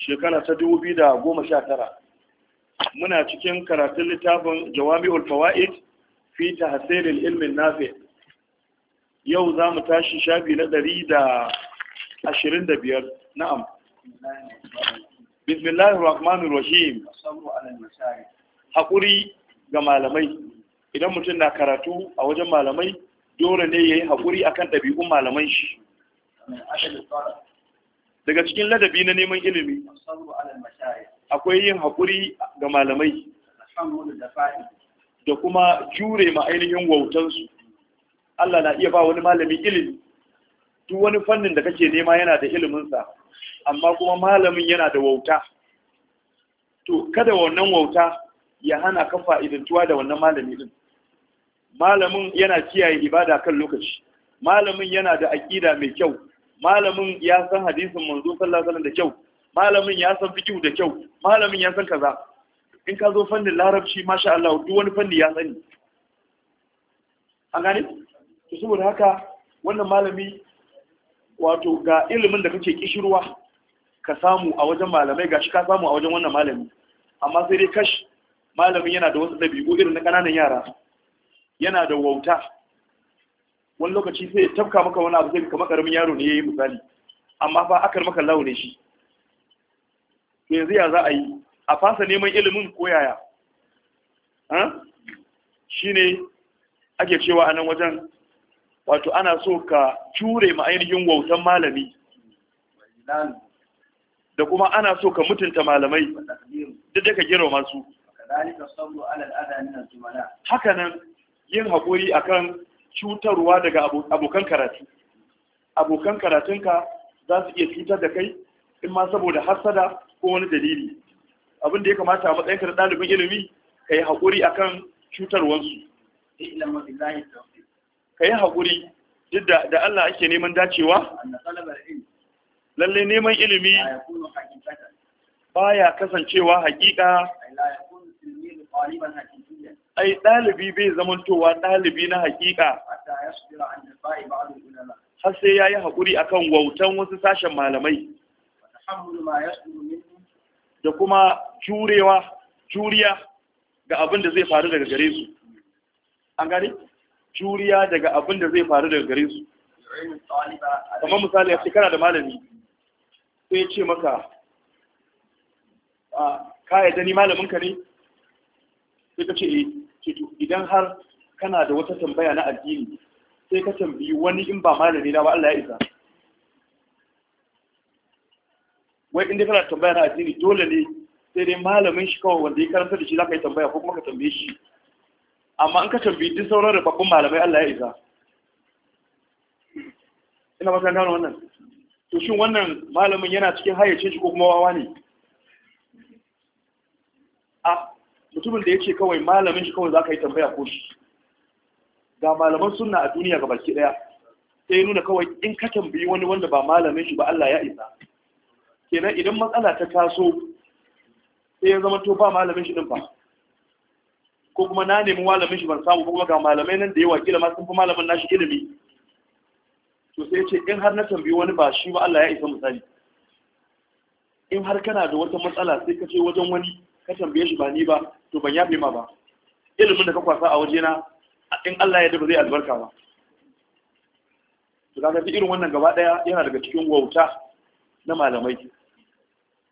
shekara ta dubu biyu da goma sha tara. muna cikin karatun littafin jawami'ul fawaid fi tahsilil ilmin nafi yau za mu tashi shafi na ɗari da ashirin da biyar na'am bismillahir rahmanir rahim haƙuri ga malamai idan mutum na karatu a wajen malamai dole ne ya yi haƙuri akan ɗabi'un malaman shi daga cikin ladabi na neman ilimi akwai yin haƙuri ga malamai da kuma jure ma ainihin wautansu Allah na iya ba wani malami ilimi duk wani fannin da kake nema yana da iliminsa amma kuma malamin yana da wauta to kada wannan wauta ya hana ka fa'idantuwa da wannan malami din malamin yana kiyaye ibada kan lokaci malamin yana da aƙida mai kyau malamin ya san hadisin manzo sallallahu alaihi da kyau malamin ya san fiqh da kyau malamin ya san kaza in ka zo fannin larabci masha Allah duk wani fanni ya sani an gane to saboda haka wannan malami wato ga ilimin da kake kishirwa ka samu a wajen malamai gashi ka samu a wajen wannan malami amma sai dai kash malamin yana da wasu dabi'u irin na kananan yara yana da wauta wani lokaci sai tafka maka wani abu zai kama karamin yaro ne ya yi misali amma fa akar maka lawo ne shi to yanzu ya za a yi a fasa neman ilimin ko yaya ne ake cewa a nan wajen wato ana so ka cure ma ainihin wautan malami da kuma ana so ka mutunta malamai duk da ka girma masu haka nan yin haƙuri akan cutarwa daga abokan karatu abokan karatunka za su iya cutar da kai in ma saboda hasada ko wani dalili abin ya kamata a matsayinka da ilimi ka yi haƙuri a kan cutarwansu ka yi haƙuri duk da Allah ake neman dacewa lallai neman ilimi ba ya kasancewa haƙiƙa ai ɗalibi bai zamantowa ɗalibi na hakika har sai ya yi haƙuri a kan wautan wasu sashen malamai da kuma jurewa juriya ga abin da zai faru daga gare su an gari juriya daga abin da zai faru daga gare su kamar misali a shekara da malami sai ce maka ah, ka yadda ni malaminka ne sai ka ce eh idan har kana da wata tambaya na addini sai ka tambayi wani in ba malami na ba Allah ya isa wai inda kana tambaya na addini dole ne sai dai malamin shi kawai wanda ya karanta da shi za ka yi tambaya ko kuma ka tambaye shi amma in ka tambayi duk sauran rubabbun malamai Allah ya isa ina maka gano wannan to shin wannan malamin yana cikin hayyace shi ko kuma wawa ne a mutumin da ya ce kawai malamin shi kawai za ka yi tambaya ko shi ga malaman suna a duniya ga baki ɗaya sai nuna kawai in ka tambayi wani wanda ba malamin shi ba Allah ya isa kenan idan matsala ta taso sai ya zama to ba malamin shi din ba ko kuma na nemi malamin shi ban samu ko kuma ga malamai nan da yawa kila ma sun fi malamin nashi ilimi to sai ce in har na tambayi wani ba shi ba Allah ya isa misali in har kana da wata matsala sai ka je wajen wani ka tambaye shi ba ni ba to ban yafe ma ba ilimin da ka kwasa a waje na, in Allah ya yarda ba zai albarka ba to kaga irin wannan gaba daya yana daga cikin wauta na malamai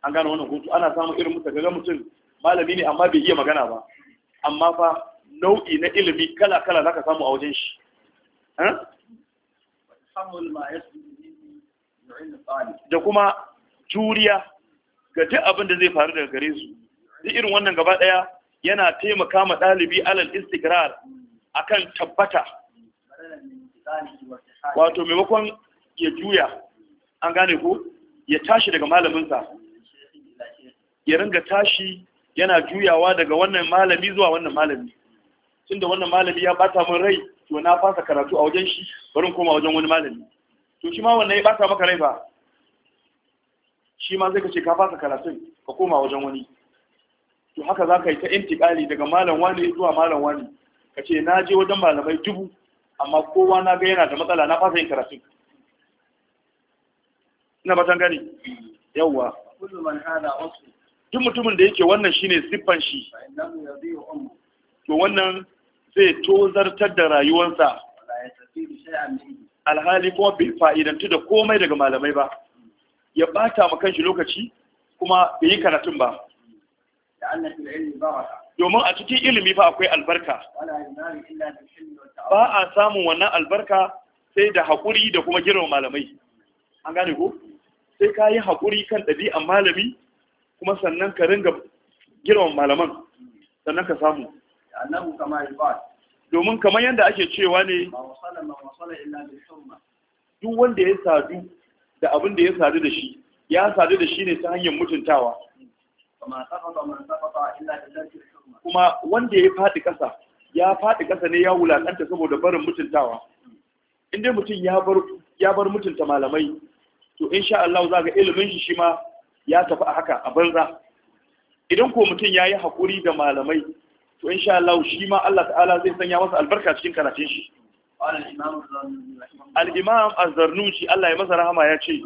an gane wannan hutu ana samun irin mutum kaga mutum malami ne amma bai iya magana ba amma fa nau'i na ilimi kala kala zaka samu a wajen shi da kuma juriya ga duk abin da zai faru daga gare su duk irin wannan gaba ɗaya yana taimaka ma ɗalibi alal istikrar akan tabbata wato maimakon ya juya an gane ko ya tashi daga malaminsa ya ringa tashi yana juyawa daga wannan malami zuwa wannan malami tunda wannan malami ya bata min rai to na fasa karatu a wajen shi barin koma wajen wani malami to shi ma wannan ya bata maka rai ba shi ma zai ka ce ka fasa karatun ka koma wajen wani to haka za ka yi ta intikali daga malam wani zuwa malam wani ka ce na je wajen malamai dubu amma kowa na ga yana da matsala na fasa yin karatu ina batan gani yawwa duk mutumin da yake wannan shine siffan shi to wannan zai tozartar da rayuwarsa alhali kuma bai fa'idantu da komai daga malamai ba ya bata ma kanshi lokaci kuma bai yi karatun ba domin a cikin ilimi fa akwai albarka ba a samun wannan albarka sai da haƙuri da kuma girma malamai an gane ko sai ka yi haƙuri kan ɗabi'an malami kuma sannan ka ringa girma malaman sannan ka samu domin kamar yadda ake cewa ne duk wanda ya sadu da abin da ya sadu da shi ya sadu da shi ne ta hanyar mutuntawa kuma wanda ya faɗi ƙasa ya faɗi ƙasa ne ya wulaƙanta saboda barin mutuntawa in dai mutum ya bar mutunta malamai to sha Allah za ga ilimin shi shi ma ya tafi a haka a banza idan ko mutum ya yi haƙuri da malamai to sha Allah shi ma Allah ta'ala zai sanya masa albarka cikin karatun shi al-imam az Allah ya masa rahama ya ce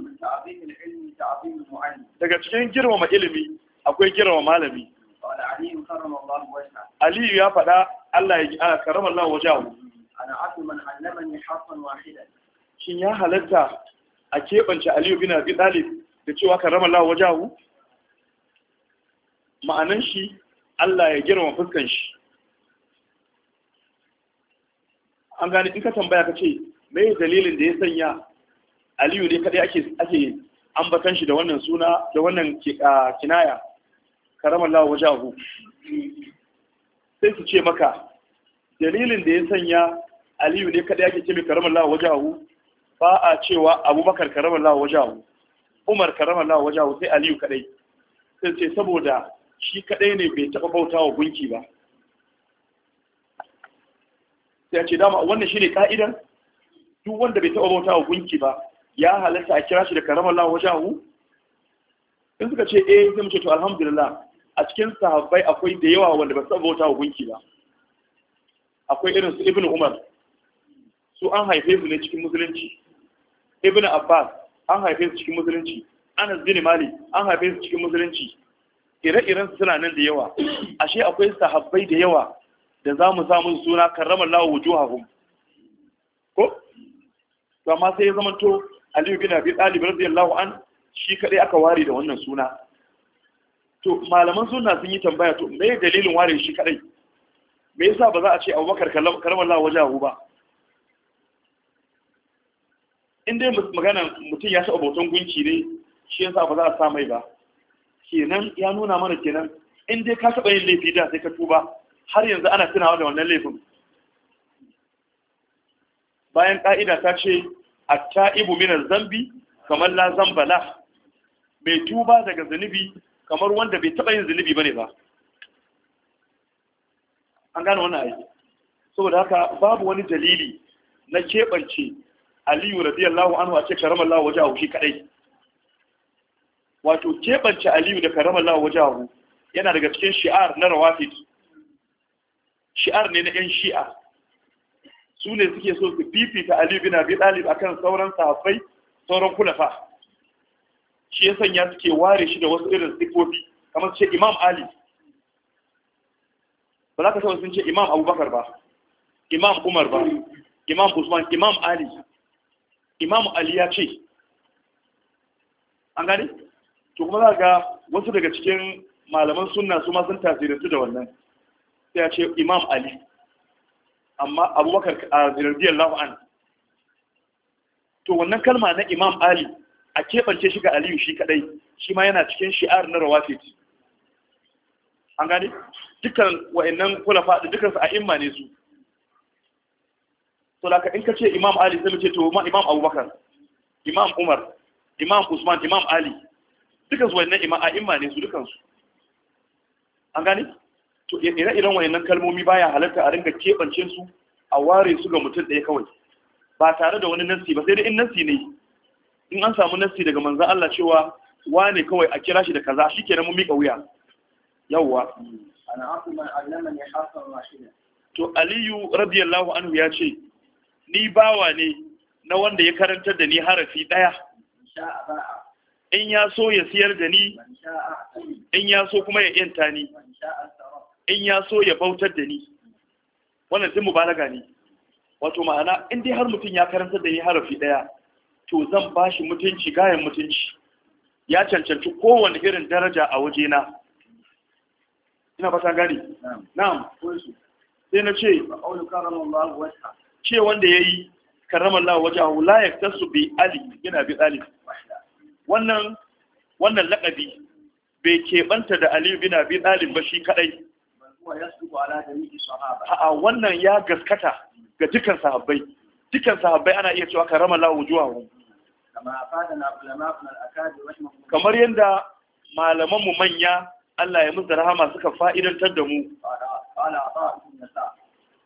daga cikin girmama ilimi akwai girma malami aliyu ya faɗa Allah ya a ah, karama Allah wajahu ana shin ya halatta a keɓance aliyu bin abi talib da cewa karama Allah wajahu ma'anan shi Allah ya girma fuskan shi an gane in ka tambaya ka ce me dalilin da ya sanya aliyu ne kadai ake ake ambatan shi da wannan suna da wannan ah, kinaya karamallahu wajahu sai su ce maka dalilin da ya sanya aliyu ne kada yake ce mai karamallahu wajahu ba a cewa abubakar karamallahu wajahu umar karamallahu wajahu sai aliyu kadai sai ce saboda shi kadai ne bai taba bautawa gunki ba sai ce dama wannan shi ne ka'idar duk wanda bai taba wa gunki ba ya halatta a kira shi da karamallahu wajahu in suka ce eh sai mu ce to alhamdulillah a cikin sahabbai akwai da yawa wanda ba su bauta wa ba akwai irin su ibnu umar su an haife su ne cikin musulunci ibnu abbas an haife su cikin musulunci anas bin malik an haife su cikin musulunci ire-iren su suna nan da yawa ashe akwai sahabbai da yawa da za mu samu suna karramar lawa wujuhahum ko to amma sai ya zamanto aliyu bin abi talib radiyallahu an shi kadai aka ware da wannan suna to malaman sunna sun yi tambaya to me dalilin ware shi kadai me yasa ba za a ce abubakar Allah waje wajahu ba in dai magana mutum ya taɓa bautan gunki ne shi yasa ba za a sa mai ba kenan ya nuna mana kenan in dai ka saba yin laifi da sai ka tuba har yanzu ana tunawa da wannan laifin bayan ka'ida ta ce at ta'ibu az zambi kamar la zambala mai tuba daga zanubi kamar wanda bai taɓa yin zunubi bane ba an gane wannan ayi saboda haka babu wani dalili na keɓance aliyu radiyallahu anhu a ce karamallahu wajahu shi kadai wato keɓance aliyu da karamallahu wajahu yana daga cikin shi'ar na rawafid shi'ar ne na yan shi'a su ne suke so su fifita aliyu bin abi talib akan sauran sahabbai sauran kulafa shi ya sanya suke ware shi da wasu irin sifofi kamar su ce imam ali ba za ka taɓa sun ce imam abubakar ba imam umar ba imam usman imam ali imam ali ya ce an gani to kuma za ga wasu daga cikin malaman suna su masu sun tasirantu da wannan sai ya ce imam ali amma abubakar a radiyallahu lafi'an to wannan kalma na imam ali a keɓance shi ga aliyu shi kadai shi ma yana cikin shi'ar na rawafit an gane dukkan wa'annan kulafa da dukkan su a imma ne su to laka in ka ce imam ali sai ce to ma imam abubakar imam umar imam usman imam ali dukkan su wa'annan imam a imma ne su dukkan su an gane to ire-iren wa'annan kalmomi baya halatta a ringa keɓance su a ware su ga mutum ɗaya kawai ba tare da wani nansi ba sai dai in nansi ne in an samu nasi daga manzan Allah cewa wane kawai a kira shi da kaza shi ke mun miƙa wuya yawwa to aliyu radiyallahu anhu ya ce ni bawa ne na wanda ya karantar da ni harafi ɗaya in ya so ya siyar da ni in ya so kuma ya yanta ni in ya so ya bautar da ni wannan sun mubalaga ne wato ma'ana in dai har mutum ya karantar da ni harafi ɗaya to zan ba shi mutunci gayan mutunci ya cancanci kowane irin daraja a wajena ina ba ta gani na'am sai na ce ce wanda ya yi karamar lawa waje a layak ta su bi ali yana bi ali wannan wannan laƙabi bai keɓanta da ali bin abi ɗalib ba shi kaɗai a wannan ya gaskata ga dukkan sahabbai Dukkan sahabbai ana iya cewa karamar lawa wujuwa kamar yadda malamanmu manya Allah ya musu rahama suka fa'idantar da mu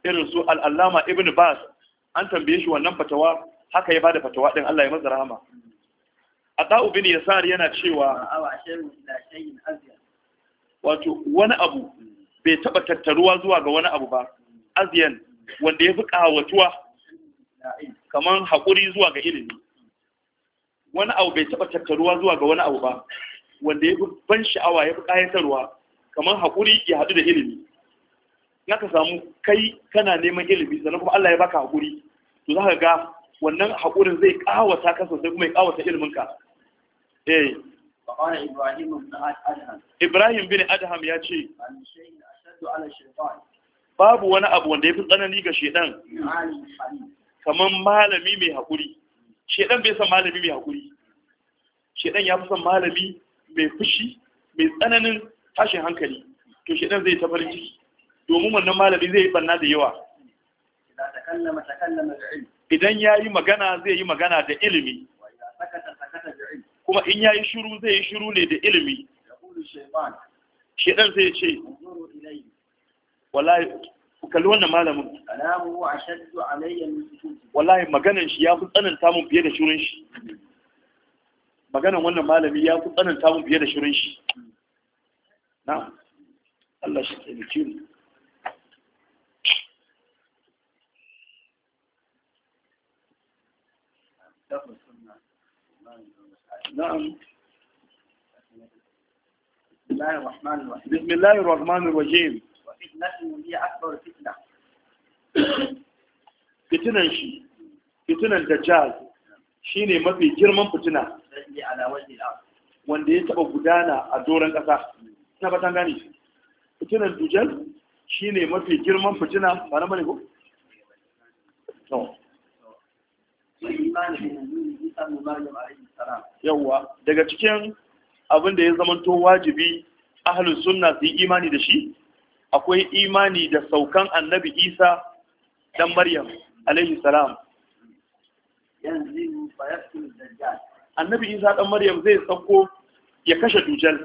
irin su al'allama ibn bas an tambaye shi wannan fatawa haka ya bada fatawa din Allah ya musu rahama a bin yasar yana cewa wato wani abu bai taba tattaruwa zuwa ga wani abu ba aziyan wanda ya fi kawatuwa kamar haƙuri zuwa ga ilimi wani abu bai taba tattaruwa zuwa ga wani abu ba wanda ya fi ban sha'awa yafi fi ƙayatarwa kamar haƙuri ya haɗu da ilimi in ka samu kai kana neman ilimi sannan kuma Allah ya baka haƙuri to za ka ga wannan haƙurin zai ƙawata ka sosai kuma ya ƙawata iliminka eh Ibrahim bin Adham ya ce babu wani abu wanda ya fi tsanani ga shedan kamar malami mai haƙuri shedan bai san malami mai hakuri shedan ya fi san malami mai fushi mai tsananin tashin hankali to shedan zai ta farin ciki domin wannan malami zai yi banna da yawa idan ya yi magana zai yi magana da ilimi kuma in ya yi shiru zai yi shiru ne da ilimi shedan zai ce wallahi ku kalli wannan malamin kalamu ashaddu alayya min sukut wallahi maganan shi ya fi tsananta mun fiye da shirin shi maganan wannan malami ya fi tsananta mun fiye da shirin shi na Allah shi taimake mu نعم بسم الله الرحمن الرحيم وفتنته fitinan shi fitinan dajjal shine mafi girman fitina wanda ya taba gudana a doron kasa na batan gani fitinan shi shine mafi girman fitina ba na bane ko to yawa daga cikin abin da ya zamanto wajibi ahalin sunna su yi imani da shi akwai imani da saukan annabi isa dan maryam alaihi salam annabi isa dan maryam zai sauko ya kashe dujal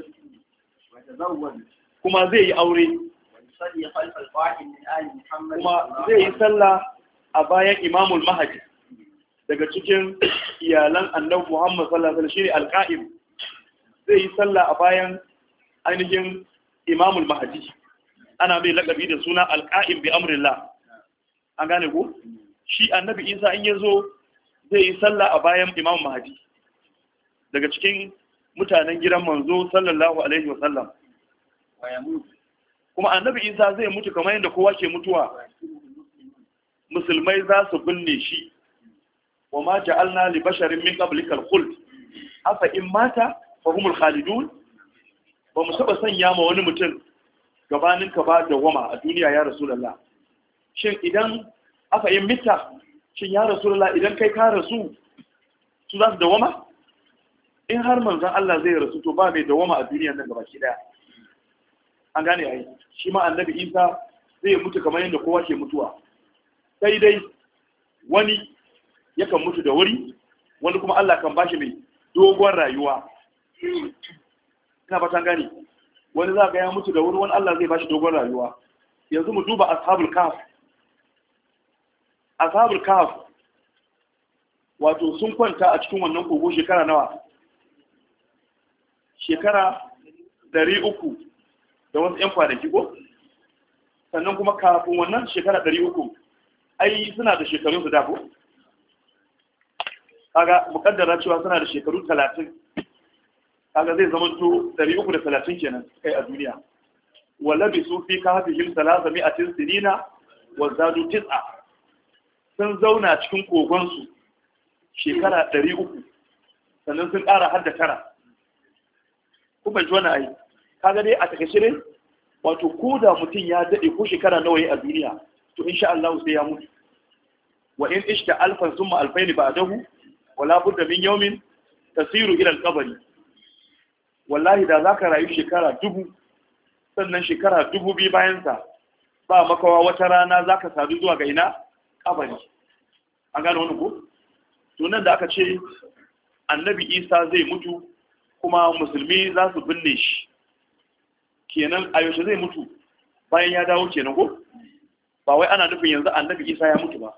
kuma zai yi aure kuma zai yi sallah a bayan imamul mahaji daga cikin iyalan annabi muhammad sallallahu alaihi wasallam shine alqa'im zai yi sallah a bayan ainihin imamul mahaji ana mai lakabi da suna alƙa'im bi amrillah an gane ku? shi annabi isa in ya zo zai yi sallah a bayan imam mahadi daga cikin mutanen gidan manzo sallallahu alaihi wa sallam kuma annabi isa zai mutu kamar yadda kowa ke mutuwa musulmai za su binne shi wa ma ja'alna li basharin min qablika al-khuld afa in mata fa humul khalidun ba mu saba sanya ma wani mutum gabanin ka ba da goma a duniya ya lalla. shin idan aka yi mita shin ya lalla idan kai ka rasu su za su da goma in har manzan Allah zai rasu to ba mai da goma a duniya nan gaba ki daya an gane yi. shi ma annabi Isa zai mutu kamar yadda kowa ke mutuwa sai dai wani yakan mutu da wuri wani kuma Allah kan ba shi mai dogon rayuwa ina ba ta gane wani za ga ya mutu da wuri wani Allah zai bashi dogon rayuwa yanzu mu duba ashabul kaf ashabul kaf wato sun kwanta a cikin wannan kogo shekara nawa shekara dari uku da wasu 'yan kwanaki ko sannan kuma kafin wannan shekara dari uku ai suna da shekarun su da kaga mukaddara cewa suna da shekaru talatin kaga zai zama to 330 kenan kai a duniya wa labisu fi kahfihim 300 sinina wa zadu tis'a sun zauna cikin kogon su shekara 300 sannan sun ƙara har da tara Kuma ban ji wannan ai kaga dai a takaice ne wato ko da mutum ya daɗe ko shekara nawa ya a duniya to insha Allah sai ya mutu wa in ishta alfan summa alfaini ba'dahu wala budda min yawmin tasiru ila al-qabri wallahi da za ka rayu shekara dubu sannan shekara dubu biyu bayansa ba makawa wata rana za ka sadu zuwa ga ina kabari an gane wani ko to nan da aka ce annabi isa zai mutu kuma musulmi za su binne shi kenan a yaushe zai mutu bayan ya dawo kenan ko ba wai ana nufin yanzu annabi isa ya mutu ba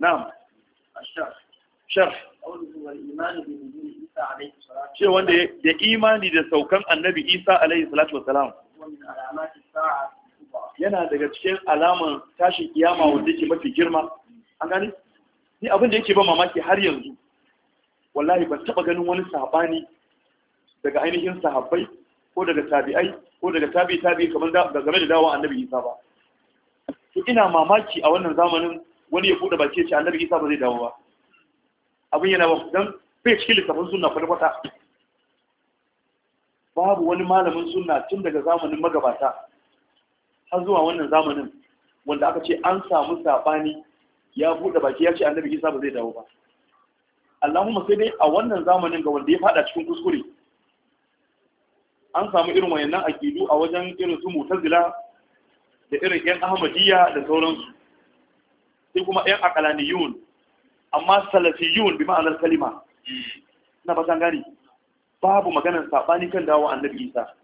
na'am shar shar ce wanda ya imani da saukan annabi isa alaihi salatu wasalam yana daga cikin alaman tashin kiyama wanda yake mafi girma an gani ni abin da yake ba mamaki har yanzu wallahi ban taba ganin wani sabani daga ainihin sahabbai ko daga tabi'ai ko daga tabi tabi kamar da game da dawo annabi isa ba to ina mamaki a wannan zamanin wani ya bude baki ce annabi isa ba zai dawo ba abin yana ba dan bai cikin littafin suna kwata-kwata babu wani malamin suna tun daga zamanin magabata har zuwa wannan zamanin wanda aka ce an samu sabani ya buɗe baki ya ce annabi isa ba zai dawo ba allahumma sai dai a wannan zamanin ga wanda ya fada cikin kuskure an samu irin wayannan akidu a wajen irin su zila, da irin yan ahmadiyya da sauransu sai kuma yan akalaniyun amma salafiyun bi ma'anar kalima na ba gane babu maganar saɓani kan dawo annabi isa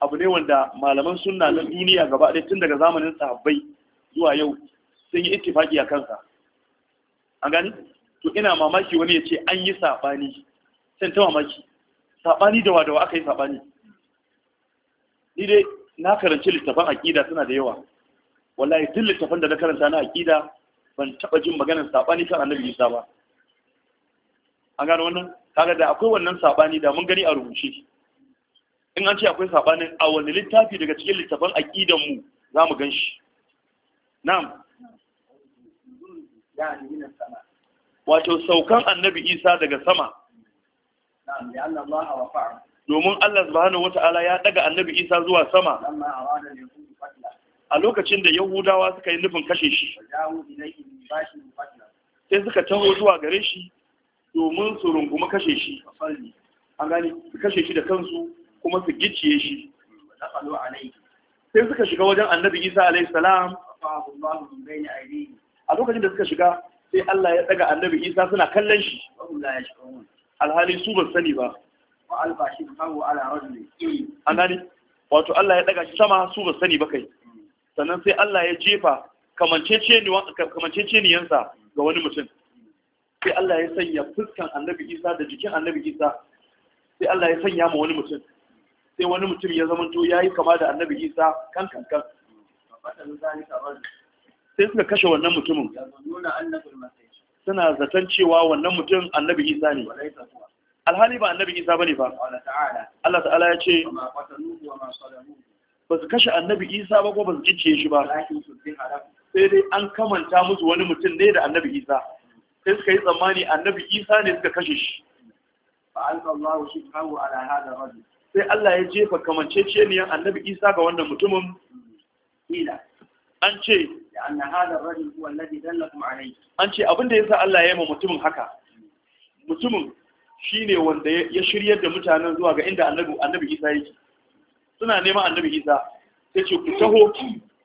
abu ne wanda malaman sunna na duniya gaba ɗaya tun daga zamanin sahabbai zuwa yau sun yi ittifaki a kansa an gani to ina mamaki wani ya ce an yi saɓani sai ta mamaki saɓani da wadawa aka yi saɓani ni dai na karanci littafan aƙida suna da yawa wallahi duk littafan da na karanta na aƙida ban taɓa jin maganar saɓani kan annabi isa ba an gano wannan kaga da akwai wannan sabani da mun gani a rubuce in an ce akwai sabanin a wani littafi daga cikin littafan aqidan mu za mu ganshi na'am wato saukan annabi isa daga sama domin Allah subhanahu wata'ala ya daga annabi isa zuwa sama a lokacin da yahudawa suka yi nufin kashe shi sai suka taho zuwa gare shi domin su runguma kashe shi an gani su kashe shi da kansu kuma su gicciye shi sai suka shiga wajen annabi isa alaihi salam a lokacin da suka shiga sai Allah ya daga annabi isa suna kallon shi alhali su ba sani ba an gani wato Allah ya daga shi sama su ba sani ba kai sannan sai Allah ya jefa kamanceceniyansa ga wani mutum sai Allah ya sanya fuskan annabi Isa da jikin annabi Isa sai Allah ya sanya ma wani mutum sai wani mutum ya zamanto ya yi kama da annabi Isa kan kan kan sai suka kashe wannan mutumin suna zaton cewa wannan mutum annabi Isa ne alhali ba annabi Isa bane ba Allah ta'ala ya ce ba su kashe annabi Isa ba ko ba su gicciye shi ba sai dai an kamanta musu wani mutum ne da annabi Isa sai suka yi tsammani annabi isa ne suka kashe shi sai Allah ya jefa yan annabi isa ga wannan mutumin an ce an ce abinda ya sa Allah ya yi ma mutumin haka mutumin shi ne wanda ya shiryar da mutanen zuwa ga inda annabi isa yake suna neman annabi isa sai ce ku taho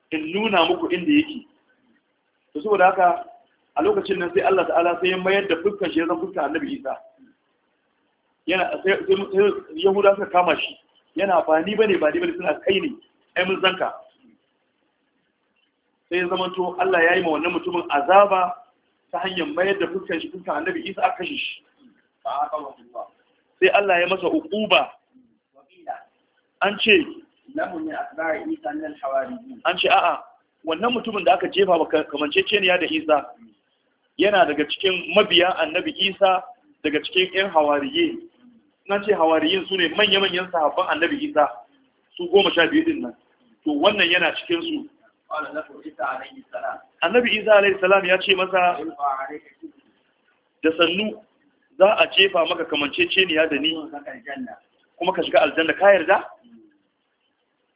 in nuna muku inda yake to saboda haka a lokacin nan sai Allah ta'ala sai ya mayar da fuskar shi ya zan fuskar annabi isa yana sai yahuda suka kama shi yana ba ni bane ba ni bane suna kai ne ai mun zanka sai ya to Allah ya yi ma wannan mutumin azaba ta hanyar mayar da fuskar shi fuskar annabi isa aka kashe shi sai Allah ya masa uquba an ce an ce a'a wannan mutumin da aka jefa ba ne ya da isa yana daga cikin mabiya annabi isa daga cikin yan hawariye na ce hawariyin su ne manya-manyan sahabban annabi isa su goma sha biyu din nan to wannan yana cikin su annabi isa alaihi salam ya ce masa da sannu za a jefa maka kamanceceniya da ni kuma ka shiga aljanna ka yarda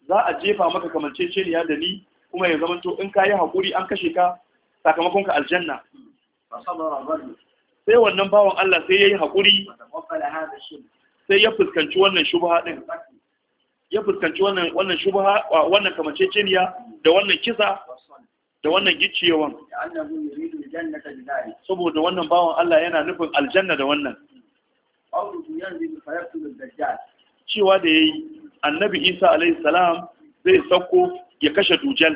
za a jefa maka kamanceceniya da ni kuma ya zamanto in ka yi haƙuri an kashe ka sakamakon ka aljanna sai wannan bawan Allah sai ya yi haƙuri sai ya fuskanci wannan shubha ɗin ya fuskanci wannan shubha wannan kamaceceniya da wannan kisa da wannan gicciyewan saboda wannan bawan Allah yana nufin aljanna da wannan cewa da ya yi annabi isa alaihi salam zai sauko ya kashe dujal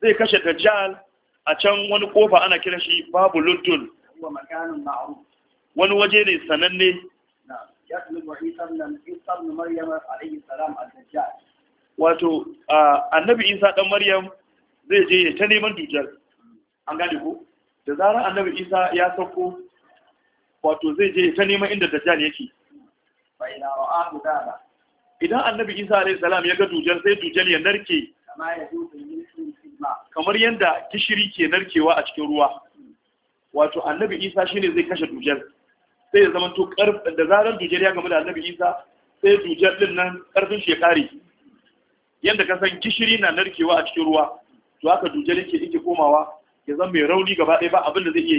zai kashe dajjal a can wani kofa ana kira shi babu luddun wani waje ne sananne wato annabi isa dan maryam zai je ta neman dujjal an gane ko da zarar annabi isa ya sauko wato zai je ta neman inda dajjal yake idan annabi isa alayhi salam ya ga dujjal sai dujjal ya narke kamar yadda gishiri ke narkewa a cikin ruwa wato annabi isa shine zai kashe dujar sai ya zama to da zarar dujar ya gama da annabi isa sai dujar din nan karfin shi ya kare yadda ka san gishiri na narkewa a cikin ruwa to haka dujar yake yake komawa ya zama mai rauni gaba ɗaya ba abin da zai iya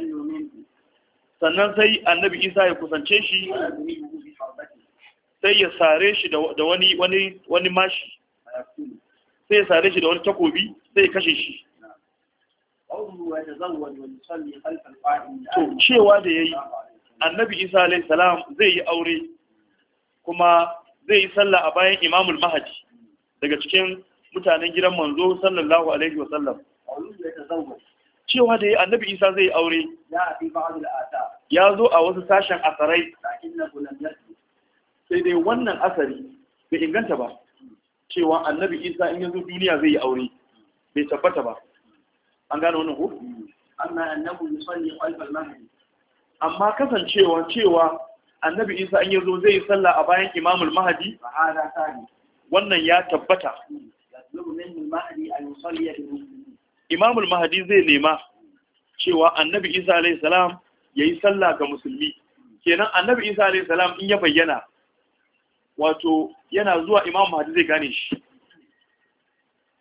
yi sannan sai annabi isa ya kusance shi sai ya sare shi da wani wani mashi sai ya sare shi da wani takobi sai ya kashe shi to cewa da ya yi, annabi isa alayhi zai yi aure kuma zai yi sallah a bayan imamul mahaji daga cikin mutanen gidan manzo sallallahu alaihi wa sallam cewa da ya yi, annabi isa zai yi aure ya zo a wasu sashen asarai sai dai wannan asari bai inganta ba cewa annabi isa in yanzu duniya zai yi aure bai tabbata ba an gano wani ko amma annabi yusalli qalbal mahdi amma kasancewa cewa annabi isa an yanzu zai yi sallah a bayan imamul mahdi wannan ya tabbata imamul mahdi zai nema cewa annabi isa alayhi salam yi sallah ga musulmi kenan annabi isa alayhi salam in ya bayyana wato yana zuwa imam mahdi zai gane shi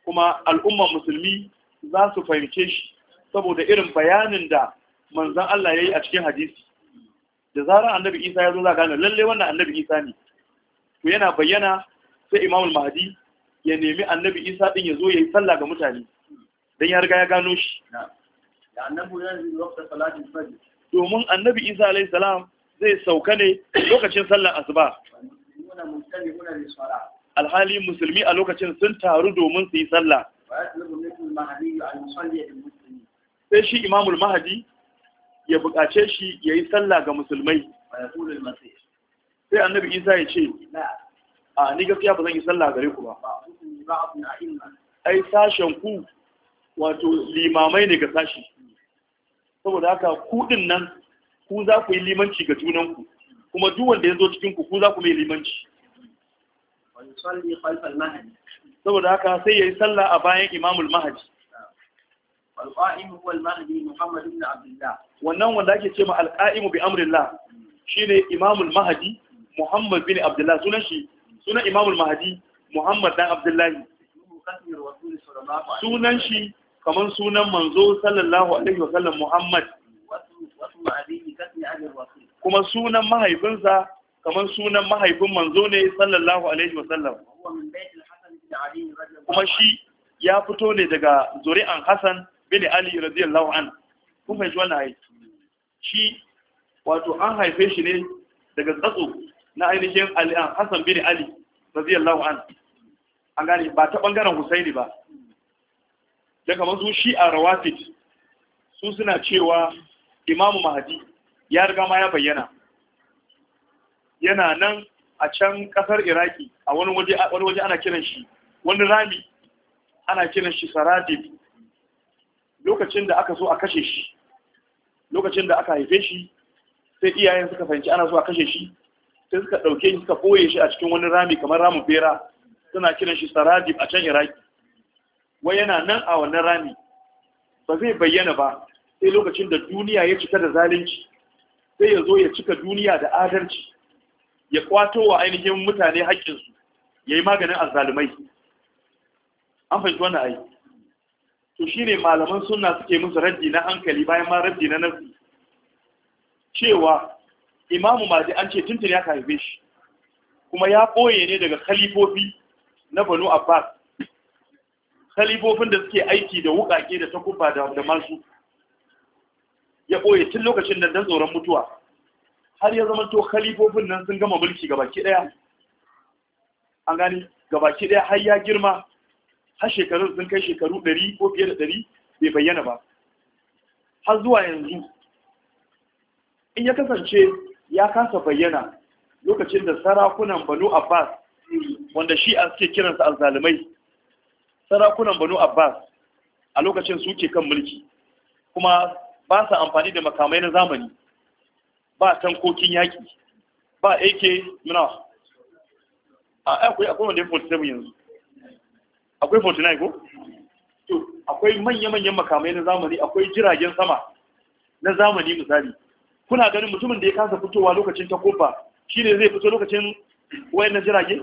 kuma al'umman musulmi za su fahimce shi saboda irin bayanin da manzan Allah ya yi a cikin hadisi da zarar annabi isa ya zo za gane lalle wannan annabi isa ne to yana bayyana sai imam mahdi ya nemi annabi isa din ya zo ya yi sallah ga mutane don ya riga ya gano shi domin annabi isa alaihi salam zai sauka ne lokacin sallar asuba alhali musulmi a lokacin sun taru domin su yi sallah sai shi imamul mahadi ya buƙace shi ya yi sallah ga musulmai sai annabi isa ya ce a ni gaskiya ba zan yi sallah gare ku ba ai sashen ku wato limamai ne ga sashi saboda haka ku nan ku za ku yi limanci ga junanku kuma duk wanda ya zo cikin ku ku za ku mai limanci saboda haka sai ya yi sallah a bayan imamul mahdi alqa'im huwa al-mahdi muhammad ibn abdullah wannan wanda ake ce ma alqa'im bi amrillah shine imamul mahdi muhammad bin abdullah sunan shi sunan imamul mahdi muhammad dan abdullahi sunan shi kamar sunan manzo sallallahu alaihi wa sallam muhammad kuma sunan mahaifinsa kamar sunan mahaifin manzo ne sallallahu alaihi wasallam kuma shi ya fito ne daga zuri'an Hassan bin Ali radiyallahu an kun fahimci wannan ayi shi wato an haife shi ne daga tsatso na ainihin ali'an Hassan bin Ali radiyallahu an an gane ba ta bangaren Husaini ba da kamar su shi a rawafit su suna cewa Imamu Mahdi ya riga ma ya bayyana yana nan a can kasar iraki a wani waje ana kiran shi wani rami ana kiran shi saradib lokacin da aka so a kashe shi lokacin da aka haife shi sai iyayen suka fahimci ana so a kashe shi sai suka ɗauke shi suka koye shi a cikin wani rami kamar ramin bera suna kiran shi saradib a can iraki wai yana nan a wannan rami ba zai bayyana ba sai lokacin da duniya ya cika da zalunci sai ya zo ya cika duniya da adalci ya kwato wa ainihin mutane haƙƙinsu ya yi maganin azzalumai an fahimci wannan ai to ne malaman suna suke musu raddi na hankali bayan ma raddi na nafsi cewa imamu mazi an ce tuntun ya haife shi kuma ya ɓoye ne daga khalifofi na banu abbas khalifofin da suke aiki da wukake da takuba da masu ya ɓoye tun lokacin da dan tsoron mutuwa har ya zama to khalifofin nan sun gama mulki gabaki daya an gani gabaki daya har ya girma har shekarun sun kai shekaru 100 ko fiye da 100 bai bayyana ba har zuwa yanzu in ya kasance ya kasa bayyana lokacin da sarakunan banu abbas wanda shi a suke kiransa alzalimai sarakunan banu abbas a lokacin suke kan mulki kuma ba sa amfani da makamai na zamani ba tankokin yaƙi ba AK muna a akwai akwai wanda ya 47 yanzu akwai 49 ko to akwai manya-manyan makamai na zamani akwai jiragen sama na zamani misali kuna ganin mutumin da ya kasa fitowa lokacin shi shine zai fito lokacin wayan na jirage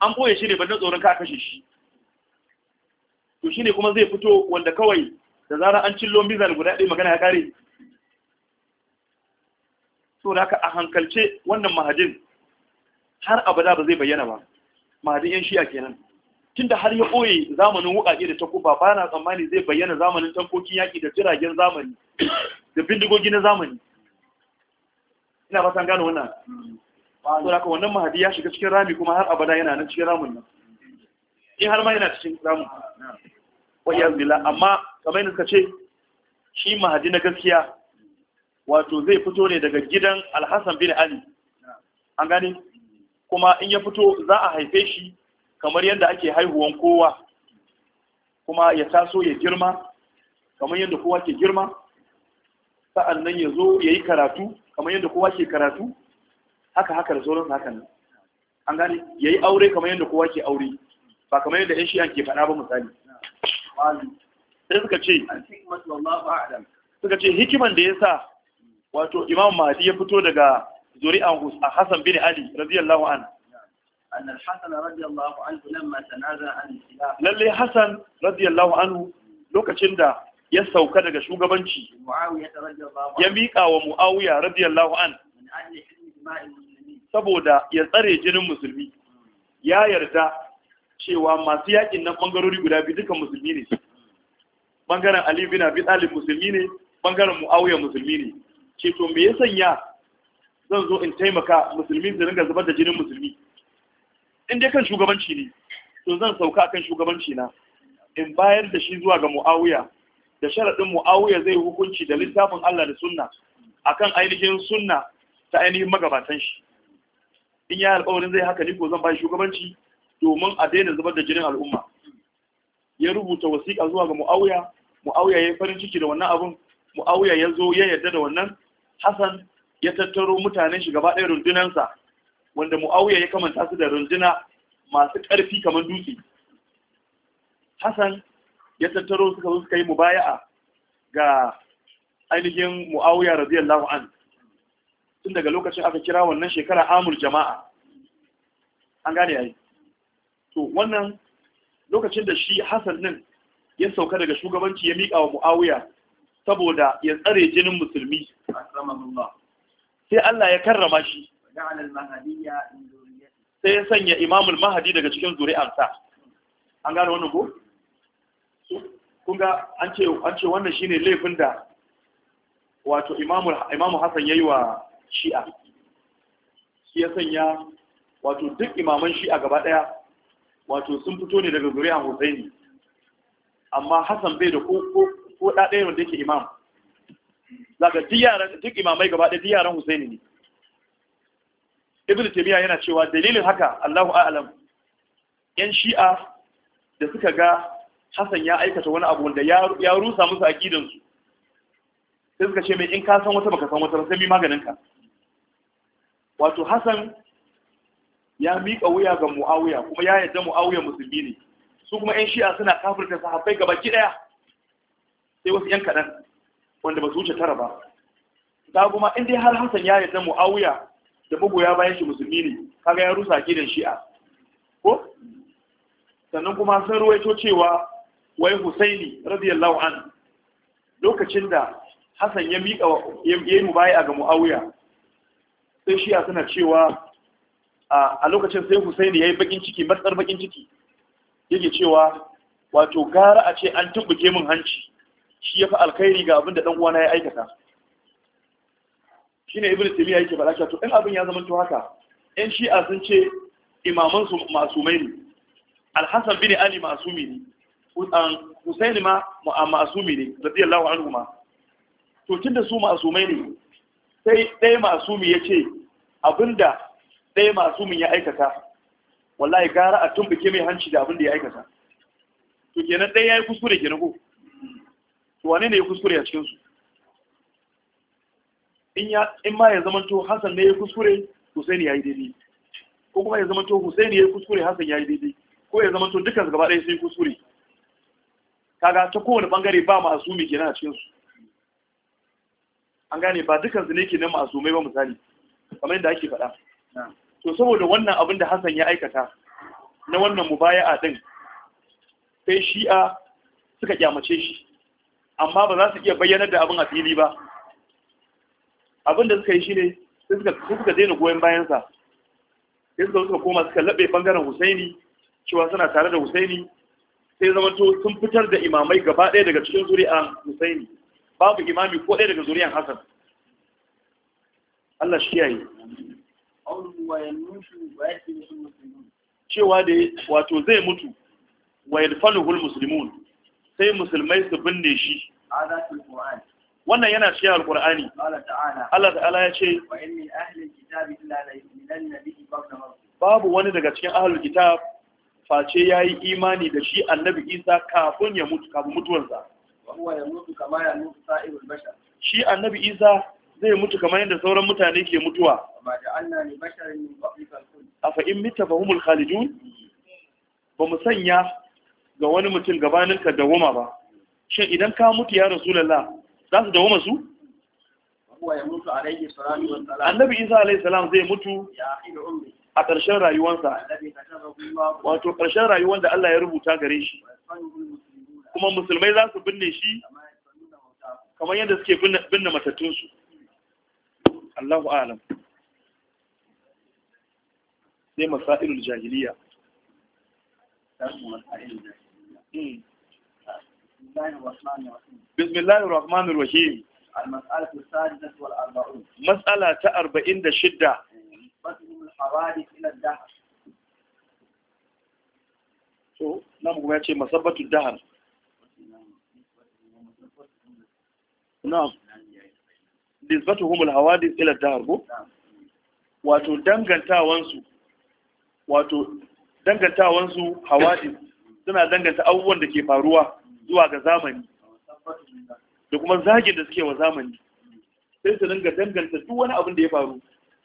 an boye shi ne ban tsoron ka kashe shi to shine kuma zai fito wanda kawai da zarar an cillo mizan guda ɗaya magana ya ƙare so da haka a hankalce wannan mahajin har abada ba zai bayyana ba mahajin yan shiya kenan tunda har ya ɓoye zamanin wuƙaƙe da takuba ba na tsammani zai bayyana zamanin tankokin yaƙi da jiragen zamani da bindigogi na zamani ina fatan gano wannan so da haka wannan mahadi ya shiga cikin rami kuma har abada yana nan cikin ramin nan in har ma yana cikin ramin wayar bila amma kamar yadda suka ce shi mahadi na gaskiya wato zai fito ne daga gidan alhassan bin ali an gane kuma in ya fito za a haife shi kamar yadda ake haihuwan kowa kuma ya taso ya girma kamar yadda kowa ke girma sa'an nan ya zo ya yi karatu kamar yadda kowa ke karatu haka haka da sauransu haka nan an gane ya yi aure kamar yadda kowa ke aure ba kamar yadda 'yan shiyan ke faɗa ba misali sai suka ce suka ce hikiman da ya sa wato imam mahdi ya fito daga zuri'an hassan bin ali radiyallahu an lallai hassan radiyallahu anhu lokacin da ya sauka daga shugabanci ya miƙa wa mu'awiya radiyallahu an saboda ya tsare jinin musulmi ya yarda cewa masu yakin nan bangarori guda biyu dukan musulmi ne bangaren Ali bin Abi Talib musulmi ne bangaren Muawiya musulmi ne ce to me ya sanya zan zo in taimaka musulmi su ringa zubar da jinin musulmi in dai kan shugabanci ne to zan sauka kan shugabanci na in bayar da shi zuwa ga Muawiya da sharaɗin Muawiya zai hukunci da littafin Allah da sunna akan ainihin sunna ta ainihin magabatan shi in ya alƙawarin zai haka ni ko zan bai shugabanci domin a daina zubar da jinin al'umma ya rubuta wasiƙa zuwa ga mu'awiya mu'awiya ya farin ciki da wannan abun mu'awiya ya zo ya yarda da wannan Hassan ya tattaro mutanen shi gaba ɗaya rundunansa wanda mu'awiya ya kamanta su da runduna masu ƙarfi kamar dutse Hassan ya tattaro suka zo suka yi mubaya'a ga ainihin mu'awiya radiyallahu an tun daga lokacin aka kira wannan shekara amur jama'a an gane yayi to wannan lokacin da shi Hassan din ya sauka daga shugabanci ya miƙa wa Muawiya saboda ya tsare jinin musulmi sai Allah ya karrama shi sai ya sanya imamul mahadi daga cikin zuri'arsa an gane wannan ko kun ga an ce wannan shi ne laifin da wato imamu Hassan ya yi wa Shi'a shi ya sanya wato duk imaman Shi'a gaba daya wato sun fito ne daga zuri'an Husaini amma Hassan bai da ko ko da ɗaya wanda yake imam zaka duk yaran duk imamai gaba ɗaya duk yaran Husaini ne Ibn Taymiyyah yana cewa dalilin haka Allahu a'lam yan Shi'a da suka ga Hassan ya aikata wani abu wanda ya rusa musu a su sai suka ce mai in ka san wata baka san wata ba sai mi maganin ka wato Hassan ya miƙa wuya ga mu'awiya kuma ya yadda mu'awiya musulmi ne su kuma yan shi'a suna kafirta sahabbai gaba ki ɗaya sai wasu yan kaɗan wanda ba su wuce tara ba ta kuma inda dai har hassan ya yadda mu'awiya da bugu ya bayan shi musulmi ne kaga ya rusa ki shi'a ko sannan kuma sun ruwaito cewa wai husaini radiyallahu an lokacin da hassan ya miƙa ya yi mubaya ga mu'awiya sai shi'a suna cewa a lokacin sai Husaini yi bakin ciki matsar bakin ciki yake cewa wato gara a ce an tubuke min hanci shi ya fa alkhairi ga abin da dan uwana ya aikata shine ibnu Taymiyyah yake cewa to in abin ya zama to haka yan shi'a sun ce imaman su masumai ne Al-Hasan bin Ali masumi ne um, Husaini ma masumi ne radiyallahu anhu ma to tunda su masumai ne sai dai masumi ya ce abinda ɗaya masu mun ya aikata wallahi gara a tumbuke mai hanci da abin da ya aikata to kenan ɗaya ya yi kuskure kenan ko to wane ne ya kuskure a cikinsu in ma ya zama to Hassan ne ya kuskure Hussein ya yi daidai ko kuma ya zama to Hussein ya yi kuskure Hassan ya yi daidai ko ya zama to dukkan gaba ɗaya sun kuskure kaga ta kowane bangare ba ma'asumi kenan a cikin su an gane ba dukkan su ne kenan ma'asumai ba misali kamar yadda ake faɗa to saboda wannan abin da Hassan ya aikata na wannan mubaya'a din sai shi'a suka kyamace shi amma ba za su iya bayyana da abin a fili ba abin da suka yi shine sai suka suka daina goyon bayan sa sai suka suka koma suka labe bangaren Husaini cewa suna tare da Husaini sai zamanto sun fitar da imamai gaba ɗaya daga cikin zuri'an Husaini babu imami ko ɗaya daga zuri'an Hassan Allah shi yayi cewa da wato zai mutu wa yadfanuhul muslimun sai musulmai su binne shi wannan yana cikin alkur'ani Allah ta'ala ya ce babu wani daga cikin ahlul kitab face yi imani da shi annabi Isa kafin ya mutu kafin mutuwarsa shi annabi Isa zai mutu kamar yadda sauran mutane ke mutuwa a fa'in mita fahimul khalidun ba mu sanya ga wani mutum gabanin ka dawoma ba shin idan ka mutu ya rasulallah za su dawoma su annabi isa alaihi salam zai mutu a ƙarshen rayuwansa wato ƙarshen rayuwan da Allah ya rubuta gare shi kuma musulmai za su binne shi kamar yadda suke binne matattunsu الله أعلم دي مسائل الجاهلية بسم الله الرحمن الرحيم المسألة السادسة والأربعون مسألة أربعين شدة نسبتهم الحوادث إلى الدهر شو نعم هو يأتي مسبة الدهر نعم humul hawadis ila dahr wato dangantawansu wato dangantawansu hawadis suna danganta abubuwan da ke faruwa zuwa ga zamani da kuma zagin da suke wa zamani sai su dinga danganta duk wani abin da ya faru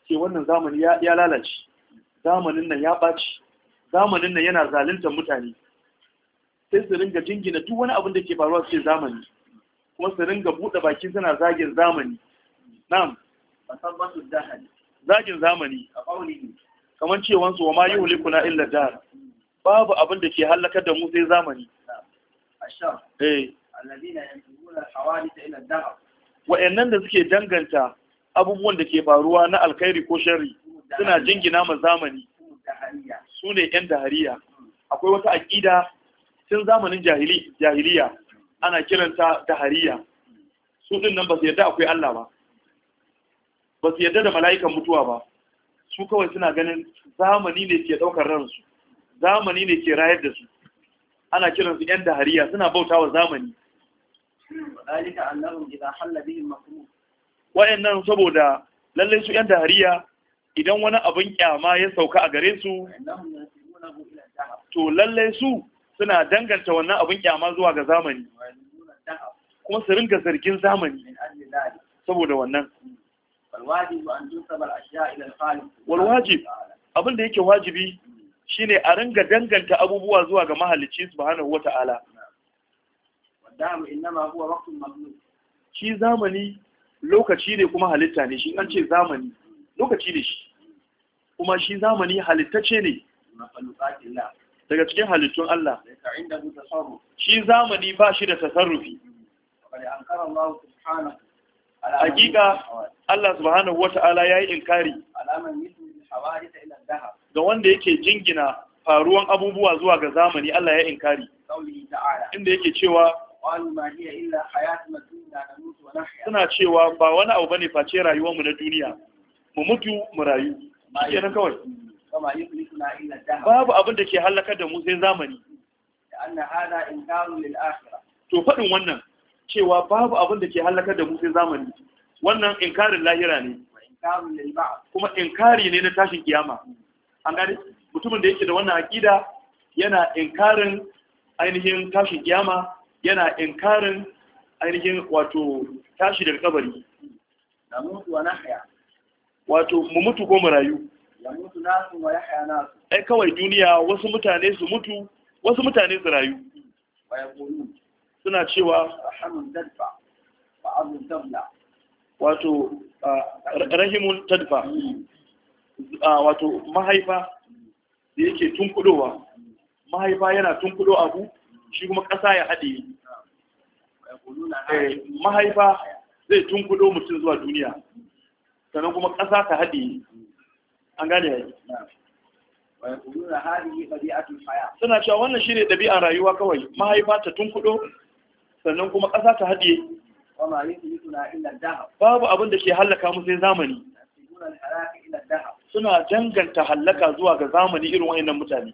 ce wannan zamani ya lalace zamanin nan ya ɓaci zamanin nan yana zaluntar mutane sai su dinga jingina duk wani abin da ke faruwa su ce zamani kuma su dinga buɗe baki suna zagin zamani na'am zagin zamani a qawlihi kaman cewan su wa ma yuhlikuna illa dahr babu abin da ke halakar da mu sai zamani ashar eh alladina yanzuruna wa'annan da suke danganta abubuwan da ke faruwa na alkhairi ko sharri suna jingina ma zamani su ne yan dahariya hmm. akwai wata aƙida tun zamanin jahiliya ana kiranta dahariya su din nan ba su yarda akwai Allah ba ba su yarda da mala'ikan mutuwa ba su kawai suna ganin zamani ne ke ɗaukar ransu zamani ne ke rayar da su ana kiran su yan dahariya suna bauta wa zamani wa'annan saboda lalle su yan dahariya idan wani abin kyama ya sauka a gare su to lalle su suna danganta wannan abin kyama zuwa ga zamani kuma su ringa zargin zamani saboda wannan walwajib abin da yake wajibi shine a ringa danganta abubuwa zuwa ga mahallici subhanahu wata'ala wadamu innama huwa waqtun mahmud shi zamani lokaci ne kuma halitta ne shi an ce zamani lokaci ne shi kuma shi zamani halittace ne daga cikin halittun Allah shi zamani ba shi da tasarrufi hakika Allah subhanahu wata'ala yayi inkari ga wanda yake jingina faruwan abubuwa zuwa ga zamani Allah ya inkari inda yake cewa suna cewa ba wani abu bane face rayuwar mu na duniya mu mutu mu rayu kenan kawai babu abin da ke halakar da mu sai zamani to faɗin wannan cewa babu abin da ke halakar da mu sai zamani wannan inkarin lahira ne kuma inkari ne na tashin kiyama an gane mutumin da yake da wannan aƙida yana inkarin ainihin tashin kiyama yana inkarin ainihin wato tashi daga kabari wato mu mutu ko mu rayu ai kawai duniya wasu mutane su mutu wasu mutane su rayu suna cewa wato rahimun tadfa wato mahaifa da yake tunkudowa mahaifa yana tunkudo abu shi kuma ƙasa ya haɗe eh, mahaifa zai tunkudo mutum zuwa duniya sannan kuma ƙasa ta haɗe an gane ya yi suna cewa wannan shi ne ɗabi'an rayuwa kawai mahaifa ta tunkudo sannan kuma ƙasa ta haɗe babu abin da ke hallaka mu sai zamani suna danganta hallaka zuwa ga zamani irin wayannan mutane